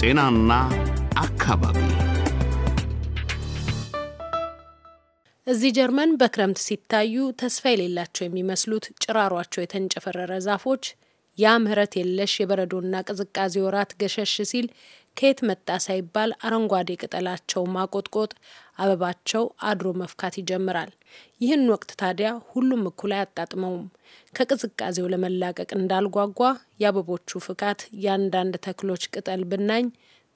ጤናና አካባቢ እዚህ ጀርመን በክረምት ሲታዩ ተስፋ የሌላቸው የሚመስሉት ጭራሯቸው የተንጨፈረረ ዛፎች ያ ምህረት የለሽ የበረዶና ቅዝቃዜ ወራት ገሸሽ ሲል ከየት መጣ ሳይባል አረንጓዴ ቅጠላቸው ማቆጥቆጥ፣ አበባቸው አድሮ መፍካት ይጀምራል። ይህን ወቅት ታዲያ ሁሉም እኩል አያጣጥመውም። ከቅዝቃዜው ለመላቀቅ እንዳልጓጓ የአበቦቹ ፍካት፣ የአንዳንድ ተክሎች ቅጠል ብናኝ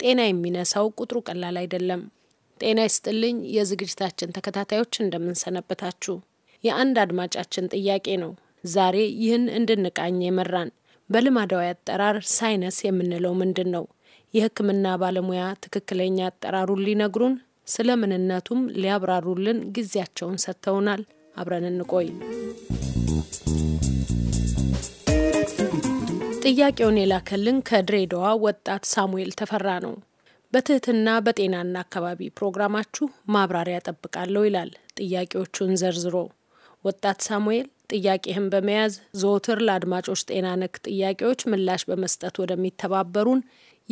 ጤና የሚነሳው ቁጥሩ ቀላል አይደለም። ጤና ይስጥልኝ የዝግጅታችን ተከታታዮች እንደምንሰነበታችሁ። የአንድ አድማጫችን ጥያቄ ነው ዛሬ ይህን እንድንቃኝ የመራን በልማዳዊ አጠራር ሳይነስ የምንለው ምንድን ነው? የሕክምና ባለሙያ ትክክለኛ አጠራሩን ሊነግሩን ስለ ምንነቱም ሊያብራሩልን ጊዜያቸውን ሰጥተውናል። አብረን እንቆይ። ጥያቄውን የላከልን ከድሬዳዋ ወጣት ሳሙኤል ተፈራ ነው። በትህትና በጤናና አካባቢ ፕሮግራማችሁ ማብራሪያ ጠብቃለሁ ይላል ጥያቄዎቹን ዘርዝሮ ወጣት ሳሙኤል ጥያቄህን በመያዝ ዘወትር ለአድማጮች ጤና ነክ ጥያቄዎች ምላሽ በመስጠት ወደሚተባበሩን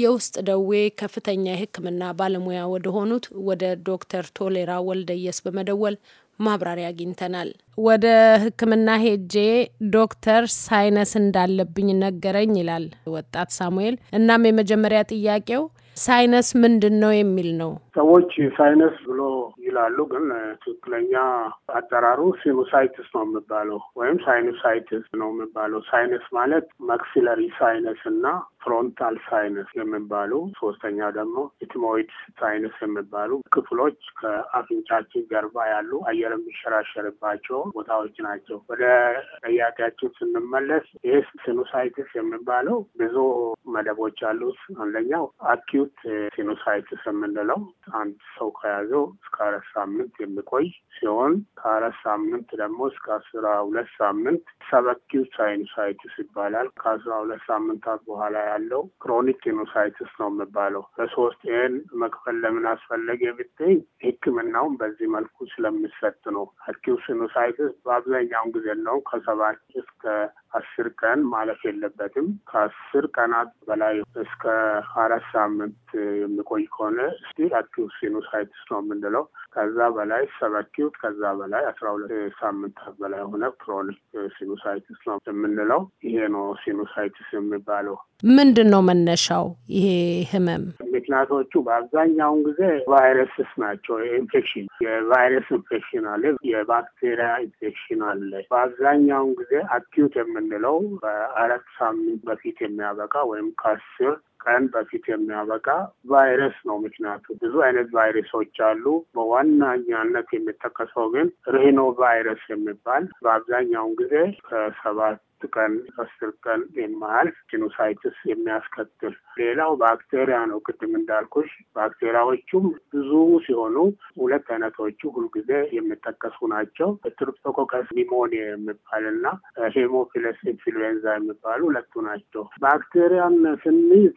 የውስጥ ደዌ ከፍተኛ የሕክምና ባለሙያ ወደሆኑት ወደ ዶክተር ቶሌራ ወልደየስ በመደወል ማብራሪያ አግኝተናል። ወደ ሕክምና ሄጄ ዶክተር ሳይነስ እንዳለብኝ ነገረኝ ይላል ወጣት ሳሙኤል። እናም የመጀመሪያ ጥያቄው ሳይነስ ምንድን ነው የሚል ነው። ሰዎች ሳይነስ ብሎ ይላሉ፣ ግን ትክክለኛ አጠራሩ ሲኑሳይትስ ነው የሚባለው ወይም ሳይኑሳይትስ ነው የሚባለው። ሳይነስ ማለት ማክሲለሪ ሳይነስ እና ፍሮንታል ሳይነስ የሚባሉ ሶስተኛ ደግሞ ኢትሞይድ ሳይነስ የሚባሉ ክፍሎች ከአፍንጫችን ጀርባ ያሉ አየር የሚሸራሸርባቸው ቦታዎች ናቸው። ወደ ጥያቄያችን ስንመለስ ይህ ሲኑሳይትስ የሚባለው ብዙ መደቦች አሉት። አንደኛው አኪዩት ሲኑሳይትስ የምንለው አንድ ሰው ከያዘው እስከ አራት ሳምንት የሚቆይ ሲሆን ከአራት ሳምንት ደግሞ እስከ አስራ ሁለት ሳምንት ሰበኪው ሳይኖሳይቲስ ይባላል። ከአስራ ሁለት ሳምንታት በኋላ ያለው ክሮኒክ ሲኖሳይቲስ ነው የሚባለው። በሶስት ይህን መክፈል ለምን አስፈለገ ብትይ ሕክምናውን በዚህ መልኩ ስለሚሰጥ ነው። ሀኪው ሲኖሳይቲስ በአብዛኛውን ጊዜ ነው ከሰባት እስከ አስር ቀን ማለፍ የለበትም። ከአስር ቀናት በላይ እስከ አራት ሳምንት የሚቆይ ከሆነ ስቲል አኪዩሲኖሳይትስ ነው የምንለው። ከዛ በላይ ሰበኪዩት ከዛ በላይ አስራ ሁለት ሳምንታት በላይ ሆነ ክሮኒክ ሲኑሳይቲስ ነው የምንለው። ይሄ ነው ሲኑሳይትስ የሚባለው። ምንድን ነው መነሻው ይሄ ህመም? ምክንያቶቹ በአብዛኛውን ጊዜ ቫይረስስ ናቸው። ኢንፌክሽን፣ የቫይረስ ኢንፌክሽን አለ፣ የባክቴሪያ ኢንፌክሽን አለ። በአብዛኛውን ጊዜ አኪዩት የምንለው በአራት ሳምንት በፊት የሚያበቃ ወይም ከአስር ቀን በፊት የሚያበቃ ቫይረስ ነው ምክንያቱ። ብዙ አይነት ቫይረሶች አሉ። በዋነኛነት የሚጠቀሰው ግን ሪህኖ ቫይረስ የሚባል በአብዛኛውን ጊዜ ከሰባት ሁለት ቀን አስር ቀን የማያልፍ ጂኖሳይትስ የሚያስከትል ሌላው ባክቴሪያ ነው። ቅድም እንዳልኩሽ ባክቴሪያዎቹም ብዙ ሲሆኑ ሁለት አይነቶቹ ሁልጊዜ የሚጠቀሱ ናቸው። ትርፕቶኮከስ ኒሞኒያ የሚባልና ሄሞፊለስ ኢንፍሉዌንዛ የሚባሉ ሁለቱ ናቸው። ባክቴሪያን ስንይዝ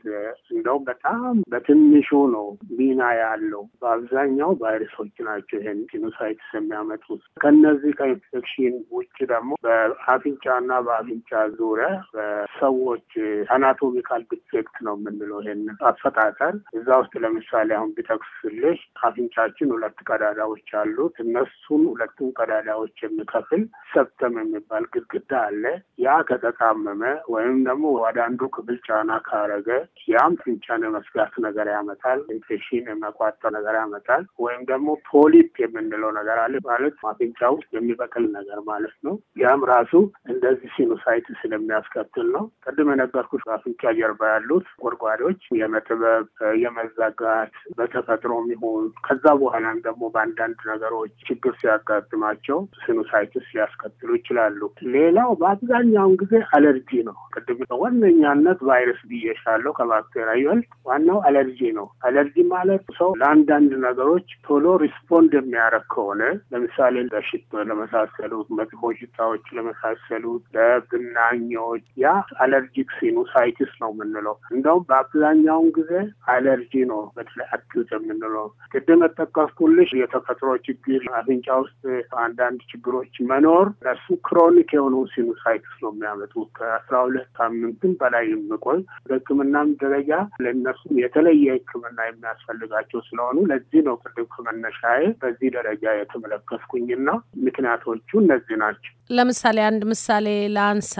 እንደውም በጣም በትንሹ ነው ሚና ያለው። በአብዛኛው ቫይረሶች ናቸው ይሄን ጂኖሳይትስ የሚያመጡት። ከነዚህ ከኢንፌክሽን ውጭ ደግሞ በአፍንጫና በአፍ በአፍንጫ ዙሪያ በሰዎች አናቶሚካል ዲፌክት ነው የምንለው። ይሄን አፈጣጠር እዛ ውስጥ ለምሳሌ አሁን ቢጠቅስልሽ አፍንጫችን ሁለት ቀዳዳዎች አሉት። እነሱን ሁለቱም ቀዳዳዎች የሚከፍል ሰብተም የሚባል ግድግዳ አለ። ያ ከተጣመመ ወይም ደግሞ ወደ አንዱ ክፍል ጫና ካረገ ያም አፍንጫን የመስጋት ነገር ያመጣል። ኢንፌክሽን የመቋጠር ነገር ያመጣል። ወይም ደግሞ ፖሊፕ የምንለው ነገር አለ። ማለት አፍንጫ ውስጥ የሚበቅል ነገር ማለት ነው። ያም ራሱ እንደዚህ ሲኑስ ሳይት ስለሚያስከትል ነው። ቅድም የነገርኩሽ አፍንጫ ጀርባ ያሉት ጎድጓዶች የመጥበብ የመዘጋት በተፈጥሮ የሚሆን ከዛ በኋላም ደግሞ በአንዳንድ ነገሮች ችግር ሲያጋጥማቸው ሲኑሳይትስ ሊያስከትሉ ይችላሉ። ሌላው በአብዛኛውን ጊዜ አለርጂ ነው። ቅድም በዋነኛነት ቫይረስ ብዬሻለሁ ከባክቴሪያ ይበልጥ ዋናው አለርጂ ነው። አለርጂ ማለት ሰው ለአንዳንድ ነገሮች ቶሎ ሪስፖንድ የሚያደርግ ከሆነ ለምሳሌ ለሽቶ ለመሳሰሉት፣ መጥፎ ሽታዎች ለመሳሰሉት፣ ብናኞች፣ ያ አለርጂክ ሲኑሳይቲስ ነው የምንለው። እንደውም በአብዛኛውን ጊዜ አለርጂ ነው፣ በተለይ አኪዩት የምንለው ቅድም የጠቀስኩልሽ የተፈጥሮ ችግር አፍንጫ ውስጥ አንዳንድ ችግሮች መኖር እሱ ክሮኒክ የሆኑ ሲኑሳይቲስ ነው የሚያመጡ ከአስራ ሁለት ሳምንትም በላይ የምቆይ በህክምናም ደረጃ ለእነሱም የተለየ ህክምና የሚያስፈልጋቸው ስለሆኑ ለዚህ ነው ቅድም ከመነሻዬ በዚህ ደረጃ የተመለከትኩኝና ምክንያቶቹ እነዚህ ናቸው። ለምሳሌ አንድ ምሳሌ ላንሳ።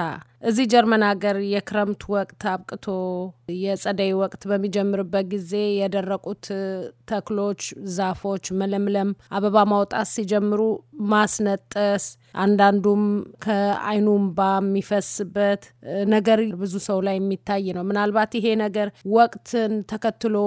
እዚህ ጀርመን ሀገር የክረምት ወቅት አብቅቶ የጸደይ ወቅት በሚጀምርበት ጊዜ የደረቁት ተክሎች፣ ዛፎች መለምለም፣ አበባ ማውጣት ሲጀምሩ ማስነጠስ አንዳንዱም ከአይኑ እምባ የሚፈስበት ነገር ብዙ ሰው ላይ የሚታይ ነው። ምናልባት ይሄ ነገር ወቅትን ተከትሎ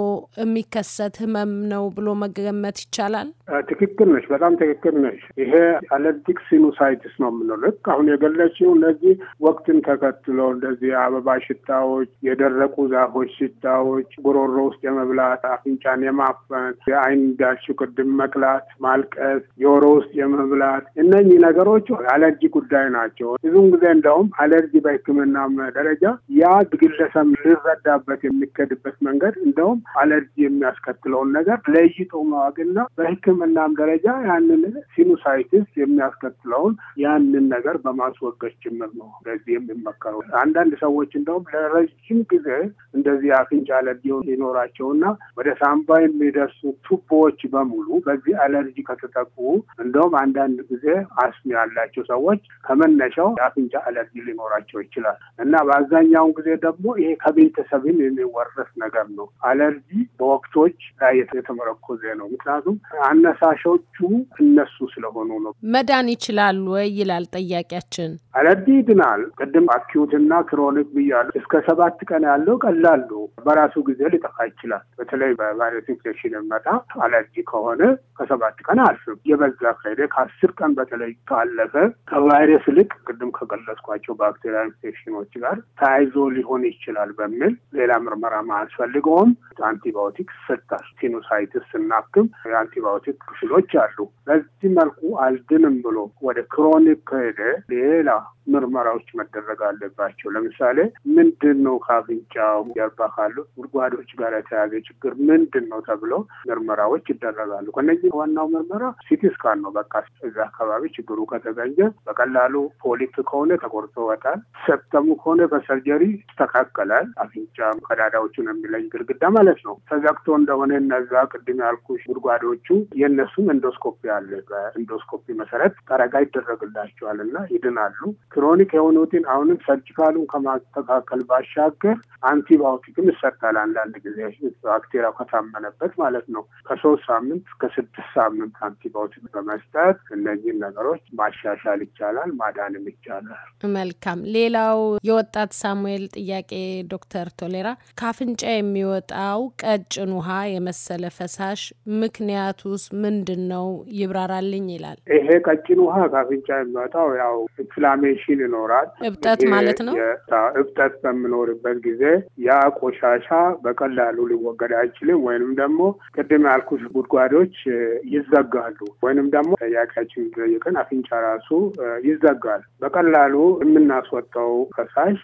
የሚከሰት ህመም ነው ብሎ መገመት ይቻላል። ትክክል ነች፣ በጣም ትክክል ነች። ይሄ አለርጂክ ሲኑሳይትስ ነው የምንለው። ልክ አሁን የገለችው እነዚህ ወቅትን ተከትሎ እንደዚህ አበባ ሽታዎች፣ የደረቁ ዛፎች ሽታዎች፣ ጉሮሮ ውስጥ የመብላት አፍንጫን የማፈን የአይን ዳልሽ ቅድም መቅላት፣ ማልቀስ፣ የወሮ ውስጥ የመብላት እነኚህ ነገሮች ሰዎች አለርጂ ጉዳይ ናቸው። ብዙውን ጊዜ እንደውም አለርጂ በሕክምና ደረጃ ያ ግለሰብ ሊረዳበት የሚከድበት መንገድ እንደውም አለርጂ የሚያስከትለውን ነገር ለይቶ ማወቅና በሕክምናም ደረጃ ያንን ሲኑሳይቲስ የሚያስከትለውን ያንን ነገር በማስወገድ ጭምር ነው እንደዚህ የሚመከረው። አንዳንድ ሰዎች እንደውም ለረዥም ጊዜ እንደዚህ አፍንጫ አለርጂ ይኖራቸውና ወደ ሳምባ የሚደርሱ ቱቦዎች በሙሉ በዚህ አለርጂ ከተጠቁ እንደውም አንዳንድ ጊዜ አስሚያ ያላቸው ሰዎች ከመነሻው የአፍንጫ አለርጂ ሊኖራቸው ይችላል እና በአብዛኛውን ጊዜ ደግሞ ይሄ ከቤተሰብን የሚወረስ ነገር ነው። አለርጂ በወቅቶች ላይ የተመረኮዘ ነው። ምክንያቱም አነሳሾቹ እነሱ ስለሆኑ ነው። መዳን ይችላል ወይ ይላል ጠያቂያችን። አለርጂ ይድናል። ቅድም አኪዩት እና ክሮኒክ ብያለሁ። እስከ ሰባት ቀን ያለው ቀላሉ በራሱ ጊዜ ሊጠፋ ይችላል። በተለይ በቫይረስ ኢንፌክሽን የመጣ አለርጂ ከሆነ ከሰባት ቀን አልፍም። የበዛ ከሄደ ከአስር ቀን በተለይ ካለ ባለፈ ከቫይረስ ይልቅ ቅድም ከገለጽኳቸው ባክቴሪያ ኢንፌክሽኖች ጋር ተያይዞ ሊሆን ይችላል በሚል ሌላ ምርመራ ማያስፈልገውም አንቲባዮቲክ ሰጣል። ሲኖሳይትስ ስናክም የአንቲባዮቲክ ክፍሎች አሉ። በዚህ መልኩ አልድንም ብሎ ወደ ክሮኒክ ከሄደ ሌላ ምርመራዎች መደረግ አለባቸው። ለምሳሌ ምንድን ነው ከአፍንጫው ጀርባ ካሉ ጉድጓዶች ጋር የተያዘ ችግር ምንድን ነው ተብሎ ምርመራዎች ይደረጋሉ። ከነዚህ ዋናው ምርመራ ሲቲ ስካን ነው። በቃ እዛ አካባቢ ችግሩ ከተ ከተዘጋጀ በቀላሉ ፖሊፕ ከሆነ ተቆርጦ ይወጣል። ሰብተሙ ከሆነ በሰርጀሪ ይስተካከላል። አፍንጫ ቀዳዳዎቹን የሚለይ ግድግዳ ማለት ነው። ተዘግቶ እንደሆነ እነዛ ቅድም ያልኩሽ ጉድጓዶቹ የእነሱም ኢንዶስኮፒ አለ። በኢንዶስኮፒ መሰረት ጠረጋ ይደረግላቸዋል እና ይድናሉ። ክሮኒክ የሆኑትን አሁንም ሰርጂካሉን ከማስተካከል ባሻገር አንቲባዮቲክም ይሰጣል። አንዳንድ ጊዜ ባክቴሪያው ከታመነበት ማለት ነው። ከሶስት ሳምንት እስከ ስድስት ሳምንት አንቲባዮቲክ በመስጠት እነዚህን ነገሮች ማ ማሻሻል ይቻላል፣ ማዳንም ይቻላል። መልካም። ሌላው የወጣት ሳሙኤል ጥያቄ ዶክተር ቶሌራ ካፍንጫ የሚወጣው ቀጭን ውሃ የመሰለ ፈሳሽ ምክንያቱስ ምንድን ነው ይብራራልኝ ይላል። ይሄ ቀጭን ውሃ ካፍንጫ የሚወጣው ያው ኢንፍላሜሽን ይኖራል፣ እብጠት ማለት ነው። እብጠት በምኖርበት ጊዜ ያ ቆሻሻ በቀላሉ ሊወገድ አይችልም። ወይንም ደግሞ ቅድም ያልኩሽ ጉድጓዶች ይዘጋሉ። ወይንም ደግሞ ጥያቄያችን ይጠየቅን አፍንጫ ራሱ ይዘጋል። በቀላሉ የምናስወጣው ፈሳሽ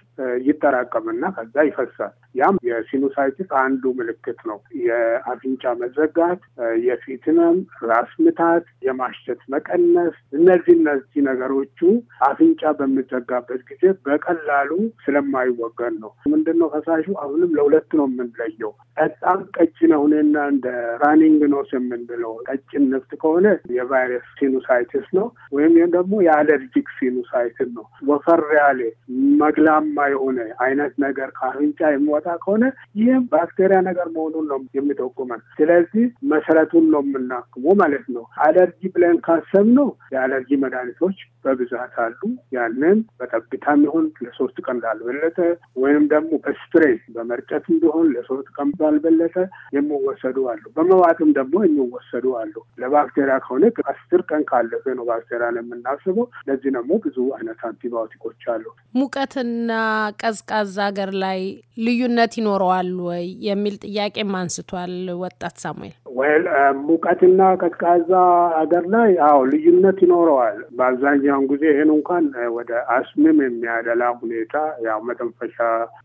ይጠራቀምና ከዛ ይፈሳል። ያም የሲኖሳይቲስ አንዱ ምልክት ነው። የአፍንጫ መዘጋት፣ የፊት ህመም፣ ራስ ምታት፣ የማሽተት መቀነስ፣ እነዚህ እነዚህ ነገሮቹ አፍንጫ በሚዘጋበት ጊዜ በቀላሉ ስለማይወገድ ነው። ምንድነው ፈሳሹ አሁንም ለሁለት ነው የምንለየው። በጣም ቀጭን ሁኔና እንደ ራኒንግ ኖስ የምንለው ቀጭን ንፍጥ ከሆነ የቫይረስ ሲኑሳይትስ ነው፣ ወይም ይህም ደግሞ የአለርጂክ ሲኑሳይትስ ነው። ወፈር ያለ መግላማ የሆነ አይነት ነገር ከአፍንጫ የሚወ የሚነካ ከሆነ ይህም ባክቴሪያ ነገር መሆኑን ነው የሚጠቁመን። ስለዚህ መሰረቱን ነው የምናክሙ ማለት ነው። አለርጂ ብለን ካሰብነው የአለርጂ መድኃኒቶች በብዛት አሉ። ያንን በጠብታም ይሁን ለሶስት ቀን ላልበለጠ ወይም ደግሞ በስፕሬይ በመርጨት ቢሆን ለሶስት ቀን ላልበለጠ የሚወሰዱ አሉ። በመዋጥም ደግሞ የሚወሰዱ አሉ። ለባክቴሪያ ከሆነ አስር ቀን ካለፈ ነው ባክቴሪያ የምናስበው። ለዚህ ደግሞ ብዙ አይነት አንቲባዮቲኮች አሉ። ሙቀትና ቀዝቃዛ ሀገር ላይ ልዩ ተጠያቂነት ይኖረዋል ወይ የሚል ጥያቄም አንስቷል ወጣት ሳሙኤል። ወይል ሙቀትና ቀዝቃዛ ሀገር ላይ አዎ ልዩነት ይኖረዋል። በአብዛኛውን ጊዜ ይህን እንኳን ወደ አስምም የሚያደላ ሁኔታ ያው መተንፈሻ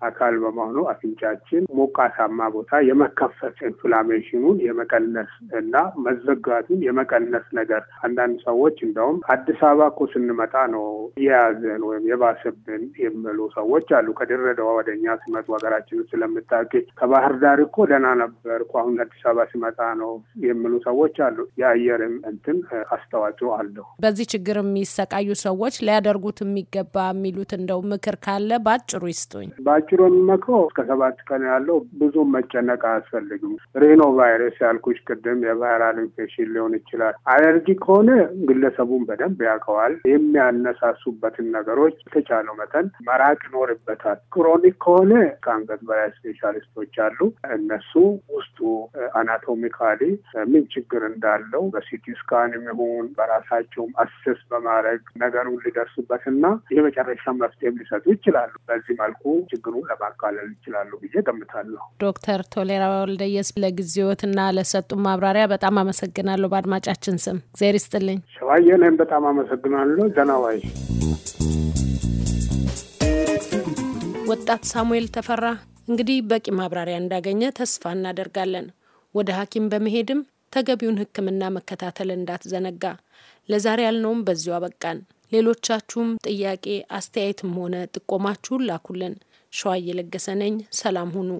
አካል በመሆኑ አፍንጫችን ሞቃታማ ቦታ የመከፈት ኢንፍላሜሽኑን የመቀነስ እና መዘጋቱን የመቀነስ ነገር አንዳንድ ሰዎች እንደውም አዲስ አበባ እኮ ስንመጣ ነው የያዘን ወይም የባሰብን የሚሉ ሰዎች አሉ። ከድሬዳዋ እኛ ሲመጡ ሀገራችን ስለምታውቂ ከባህር ዳር እኮ ደህና ነበርኩ አሁን አዲስ አበባ ሲመጣ ነው የሚሉ ሰዎች አሉ። የአየርም እንትን አስተዋጽኦ አለው። በዚህ ችግር የሚሰቃዩ ሰዎች ሊያደርጉት የሚገባ የሚሉት እንደው ምክር ካለ በአጭሩ ይስጡኝ። በአጭሩ የሚመክረው እስከ ሰባት ቀን ያለው ብዙ መጨነቅ አያስፈልግም። ሪኖ ቫይረስ ያልኩች ቅድም የቫይራል ኢንፌክሽን ሊሆን ይችላል። አለርጂ ከሆነ ግለሰቡን በደንብ ያውቀዋል። የሚያነሳሱበትን ነገሮች የተቻለው መጠን መራቅ ይኖርበታል። ክሮኒክ ከሆነ ከአንገት በላይ ስፔሻሊስቶች አሉ። እነሱ ውስጡ አናቶሚካ ለምሳሌ ምን ችግር እንዳለው በሲቲ ስካንም ይሁን በራሳቸውም አስስ በማድረግ ነገሩን ሊደርሱበት እና የመጨረሻ መፍትሄ ሊሰጡ ይችላሉ። በዚህ መልኩ ችግሩን ለማካለል ይችላሉ ብዬ ገምታለሁ። ዶክተር ቶሌራ ወልደየስ እና ለሰጡ ማብራሪያ በጣም አመሰግናለሁ። በአድማጫችን ስም እግዜር ይስጥልኝ። ሸዋዬ በጣም አመሰግናለሁ። ዘናዋይ ወጣት ሳሙኤል ተፈራ እንግዲህ በቂ ማብራሪያ እንዳገኘ ተስፋ እናደርጋለን። ወደ ሐኪም በመሄድም ተገቢውን ሕክምና መከታተል እንዳትዘነጋ። ለዛሬ ያልነውም በዚሁ አበቃን። ሌሎቻችሁም ጥያቄ፣ አስተያየትም ሆነ ጥቆማችሁን ላኩልን። ሸዋ እየለገሰ ነኝ። ሰላም ሁኑ።